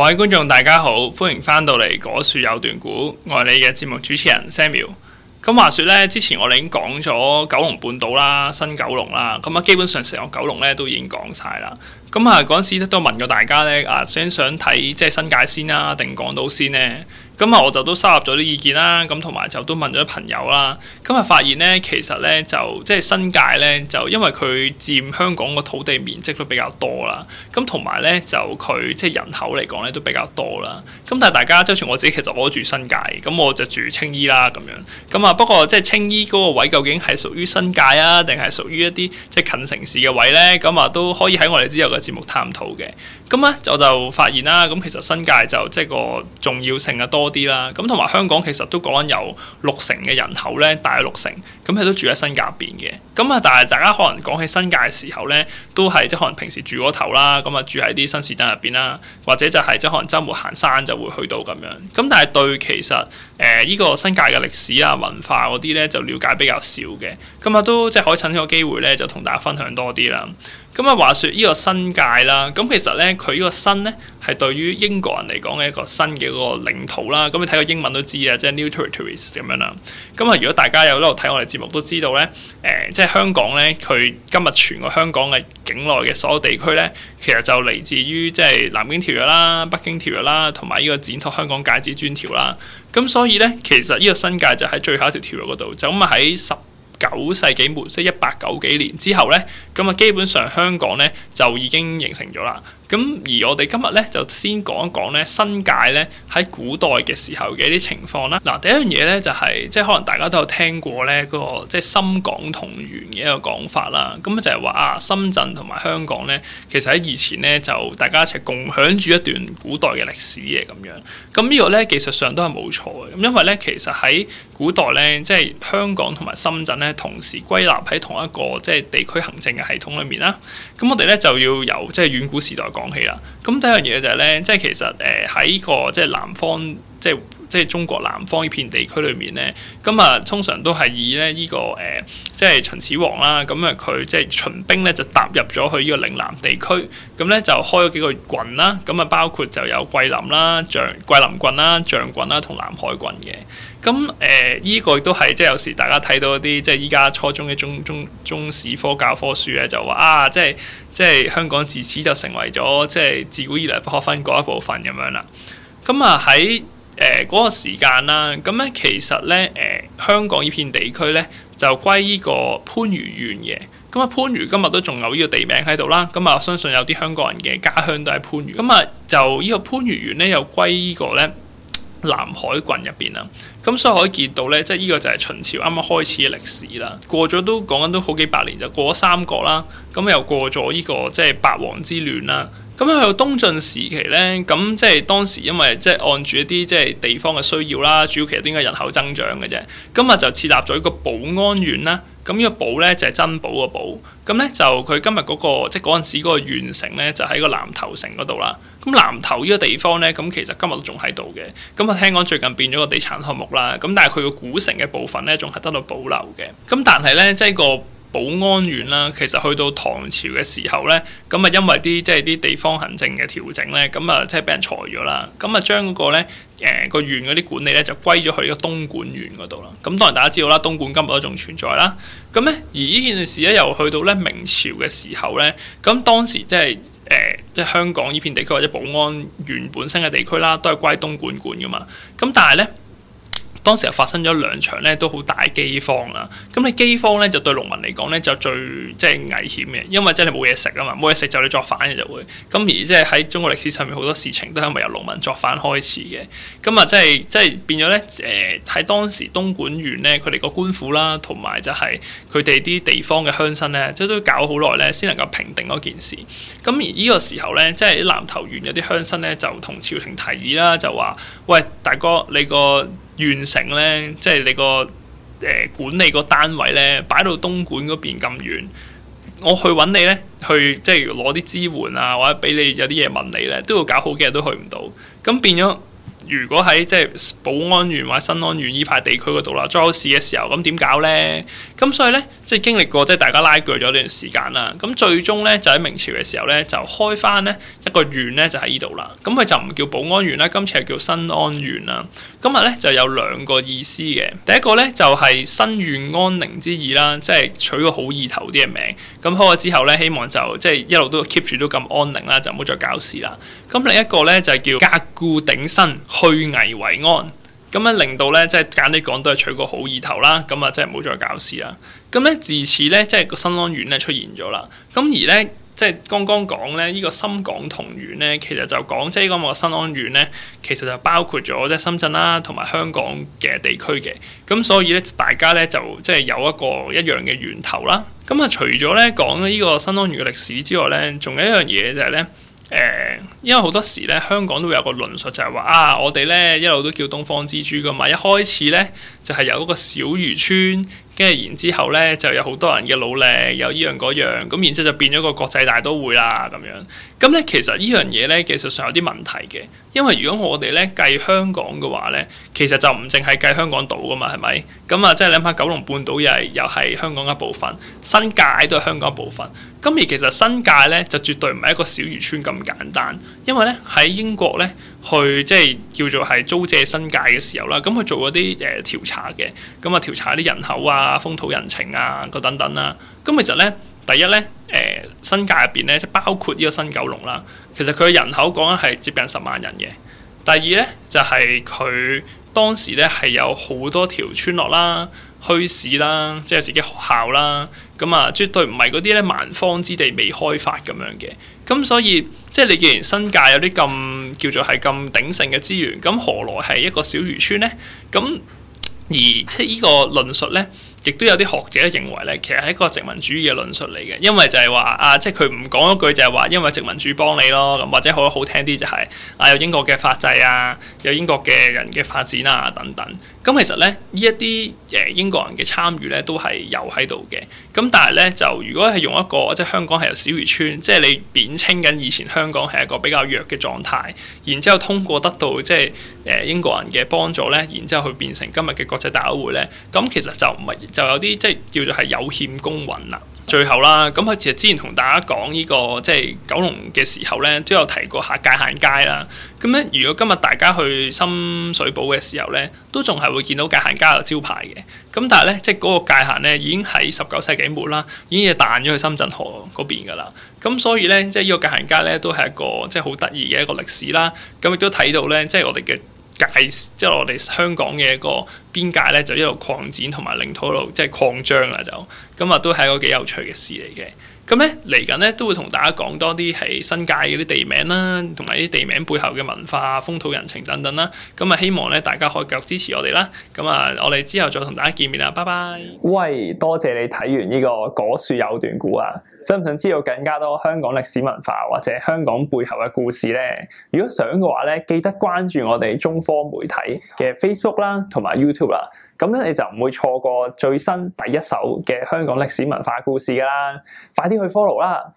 各位觀眾大家好，歡迎翻到嚟《果樹有段古》，我係你嘅節目主持人 Samuel。咁話說呢，之前我哋已經講咗九龍半島啦、新九龍啦，咁啊基本上成個九龍呢都已經講晒啦。咁啊嗰陣時都問過大家呢，啊想唔想睇即係新界先啦，定港島先呢？咁啊，我就都收入咗啲意見啦，咁同埋就都問咗啲朋友啦。咁啊發現咧，其實咧就即係、就是、新界咧，就因為佢佔香港個土地面積都比較多啦。咁同埋咧就佢即係人口嚟講咧都比較多啦。咁但係大家周全我自己其實我住新界嘅，咁我就住青衣啦咁樣，咁啊不過即係青衣嗰個位究竟係屬於新界啊，定係屬於一啲即係近城市嘅位咧？咁啊都可以喺我哋之後嘅節目探討嘅。咁啊我就發現啦，咁其實新界就即係、就是、個重要性啊多。啲啦，咁同埋香港其實都講緊有六成嘅人口咧，大約六成咁佢、嗯、都住喺新界入邊嘅。咁、嗯、啊，但係大家可能講起新界嘅時候咧，都係即可能平時住嗰頭啦，咁、嗯、啊住喺啲新市鎮入邊啦，或者就係、是、即可能周末行山就會去到咁樣。咁、嗯、但係對其實誒依、呃這個新界嘅歷史啊文化嗰啲咧，就了解比較少嘅。咁、嗯、啊都即係可以趁呢個機會咧，就同大家分享多啲啦。咁、嗯、啊話説呢個新界啦，咁、嗯、其實咧佢呢個新咧，係對於英國人嚟講嘅一個新嘅嗰個領土啦，咁你睇個英文都知啊，即係 New Territories 咁樣啦。咁、嗯、啊，如果大家有喺度睇我哋節目都知道咧，誒、呃，即係香港咧，佢今日全個香港嘅境內嘅所有地區咧，其實就嚟自於即係南京條約啦、北京條約啦，同埋呢個展拓香港界址專條啦。咁、嗯、所以咧，其實呢個新界就喺最後一條條約嗰度，就咁喺十九世紀末，即係一百九幾年之後咧，咁啊基本上香港咧就已經形成咗啦。咁而我哋今日咧就先講一講咧新界咧喺古代嘅時候嘅一啲情況啦。嗱，第一樣嘢咧就係即係可能大家都有聽過咧嗰個即係深港同源嘅一個講法啦。咁就係話啊深圳同埋香港咧，其實喺以前咧就大家一齊共享住一段古代嘅歷史嘅咁樣。咁呢個咧技術上都係冇錯嘅。咁因為咧其實喺古代咧即係香港同埋深圳咧同時歸納喺同一個即係地區行政嘅系統裏面啦。咁我哋咧就要由即係遠古時代講起啦，咁第一樣嘢就係、是、咧，即係其實誒喺、呢個，即係南方即係。即係中國南方呢片地區裏面咧，咁啊通常都係以咧、這、呢個誒、呃，即係秦始皇啦，咁啊佢即係秦兵咧就踏入咗去呢個嶺南地區，咁、嗯、咧就開咗幾個郡啦，咁啊包括就有桂林啦、象桂林郡啦、象郡啦同南海郡嘅。咁誒呢個亦都係即係有時大家睇到一啲即係依家初中嘅中中中史科教科書咧，就話啊即係即係香港自此就成為咗即係自古以來不可分割一部分咁樣啦。咁啊喺誒嗰、呃那個時間啦，咁咧其實咧誒、呃、香港呢片地區咧就歸依個番禺縣嘅，咁啊番禺今日都仲有呢個地名喺度啦，咁、嗯、啊相信有啲香港人嘅家鄉都喺番禺，咁、嗯、啊就依個番禺縣咧又歸依個咧南海郡入邊啦，咁、嗯、所以可以見到咧，即係呢個就係秦朝啱啱開始嘅歷史啦，過咗都講緊都好幾百年就過咗三國啦，咁又過咗呢、這個即係八王之亂啦。咁去到東晉時期咧，咁即係當時因為即係按住一啲即係地方嘅需要啦，主要其實都應該人口增長嘅啫。今日就設立咗一個寶安縣啦。咁、這、呢個寶咧就係珍寶嘅寶。咁咧就佢今日嗰、那個即係嗰陣時嗰個縣城咧就喺個南頭城嗰度啦。咁南頭呢個地方咧，咁其實今日都仲喺度嘅。咁啊聽講最近變咗個地產項目啦。咁但係佢個古城嘅部分咧仲係得到保留嘅。咁但係咧即係個。寶安縣啦，其實去到唐朝嘅時候咧，咁啊因為啲即係啲地方行政嘅調整咧，咁啊即係俾人裁咗啦，咁啊將個咧誒個縣嗰啲管理咧就歸咗去呢個東莞縣嗰度啦。咁當然大家知道啦，東莞今日都仲存在啦。咁咧而呢件事咧又去到咧明朝嘅時候咧，咁當時即係誒即係香港呢片地區或者寶安縣本身嘅地區啦，都係歸東莞管噶嘛。咁但係咧。當時又發生咗兩場咧，都好大饑荒啦。咁你饑荒咧，就對農民嚟講咧，就最即係、就是、危險嘅，因為真係冇嘢食啊嘛，冇嘢食就你作反嘅就會咁，而即係喺中國歷史上面好多事情都係咪由農民作反開始嘅？咁啊、就是，即係即係變咗咧誒喺當時東莞縣咧，佢哋個官府啦，同埋就係佢哋啲地方嘅鄉紳咧，即係都搞好耐咧，先能夠平定嗰件事。咁而呢個時候咧，即係南頭縣有啲鄉紳咧，就同、是、朝廷提議啦，就話：喂大哥，你個完成咧，即係你個誒、呃、管理個單位咧，擺到東莞嗰邊咁遠，我去揾你咧，去即係攞啲支援啊，或者俾你有啲嘢問你咧，都要搞好幾日都去唔到，咁變咗。如果喺即係保安縣或者新安縣依派地區嗰度啦，再有事嘅時候，咁點搞咧？咁所以咧，即係經歷過即係大家拉鋸咗呢段時間啦。咁最終咧，就喺明朝嘅時候咧，就開翻呢一個縣咧，就喺呢度啦。咁佢就唔叫保安縣啦，今次係叫新安縣啦。今日咧就有兩個意思嘅，第一個咧就係、是、新縣安寧之意啦，即係取個好意頭啲嘅名。咁開咗之後咧，希望就即係、就是、一路都 keep 住都咁安寧啦，就唔好再搞事啦。咁另一個咧就係叫革故鼎新，去危為安，咁樣令到咧即係簡啲講都係取個好意頭啦。咁啊，即係冇再搞事啦。咁咧自此咧即係個新安縣咧出現咗啦。咁而咧即係剛剛講咧呢、這個深港同源咧，其實就講即係講個新安縣咧，其實就包括咗即係深圳啦同埋香港嘅地區嘅。咁所以咧大家咧就即係有一個一樣嘅源頭啦。咁啊，除咗咧講呢講個新安縣嘅歷史之外咧，仲有一樣嘢就係咧。誒，因為好多時咧，香港都會有個論述就，就係話啊，我哋咧一路都叫東方之珠噶嘛，一開始咧就係、是、由一個小漁村，跟住然之後咧就有好多人嘅努力，有依樣嗰樣，咁然之後就變咗個國際大都會啦咁樣。咁、嗯、咧其實呢樣嘢咧，技術上有啲問題嘅。因為如果我哋咧計香港嘅話咧，其實就唔淨係計香港島噶嘛，係咪？咁啊，即係你諗下九龍半島又係又係香港一部分，新界都係香港一部分。咁而其實新界咧就絕對唔係一個小漁村咁簡單，因為咧喺英國咧去即係叫做係租借新界嘅時候啦，咁佢做嗰啲誒調查嘅，咁啊調查啲人口啊、風土人情啊、嗰等等啦、啊，咁其實咧。第一咧，誒、呃、新界入邊咧，即包括呢個新九龍啦，其實佢嘅人口講緊係接近十萬人嘅。第二咧，就係、是、佢當時咧係有好多條村落啦、墟市啦，即、就、係、是、自己學校啦，咁、嗯、啊絕對唔係嗰啲咧蠻荒之地未開發咁樣嘅。咁、嗯、所以即係你既然新界有啲咁叫做係咁鼎盛嘅資源，咁何來係一個小漁村咧？咁、嗯、而即係呢個論述咧。亦都有啲學者認為咧，其實係一個殖民主義嘅論述嚟嘅，因為就係話啊，即係佢唔講一句就係話因為殖民主幫你咯，咁或者好好聽啲就係啊，有英國嘅法制啊，有英國嘅人嘅發展啊等等。咁其實咧，呢一啲誒英國人嘅參與咧，都係有喺度嘅。咁但係咧，就如果係用一個即係香港係由小漁村，即係你貶稱緊以前香港係一個比較弱嘅狀態，然之後通過得到即係誒英國人嘅幫助咧，然之後去變成今日嘅國際大會咧，咁其實就唔係就有啲即係叫做係有欠公允啦。最後啦，咁其實之前同大家講呢個即係九龍嘅時候咧，都有提過下界限街啦。咁咧，如果今日大家去深水埗嘅時候咧，都仲係會見到界限街嘅招牌嘅。咁但係咧，即係嗰個界限咧，已經喺十九世紀末啦，已經係彈咗去深圳河嗰邊噶啦。咁所以咧，即係呢個界限街咧，都係一個即係好得意嘅一個歷史啦。咁亦都睇到咧，即係我哋嘅。界，即係我哋香港嘅一個邊界咧，就一路擴展，同埋領土一路即係擴張啦，就咁啊，都係一個幾有趣嘅事嚟嘅。咁咧嚟緊咧都會同大家講多啲係新界嗰啲地名啦，同埋啲地名背後嘅文化、風土人情等等啦。咁啊，希望咧大家可以繼續支持我哋啦。咁啊，我哋之後再同大家見面啦。拜拜！喂，多謝你睇完呢、這個果樹有段古啊！想唔想知道更加多香港歷史文化或者香港背後嘅故事咧？如果想嘅話咧，記得關注我哋中科媒體嘅 Facebook 啦，同埋 YouTube 啦。噉樣你就唔會錯過最新第一手嘅香港歷史文化故事㗎喇，快啲去 follow 啦！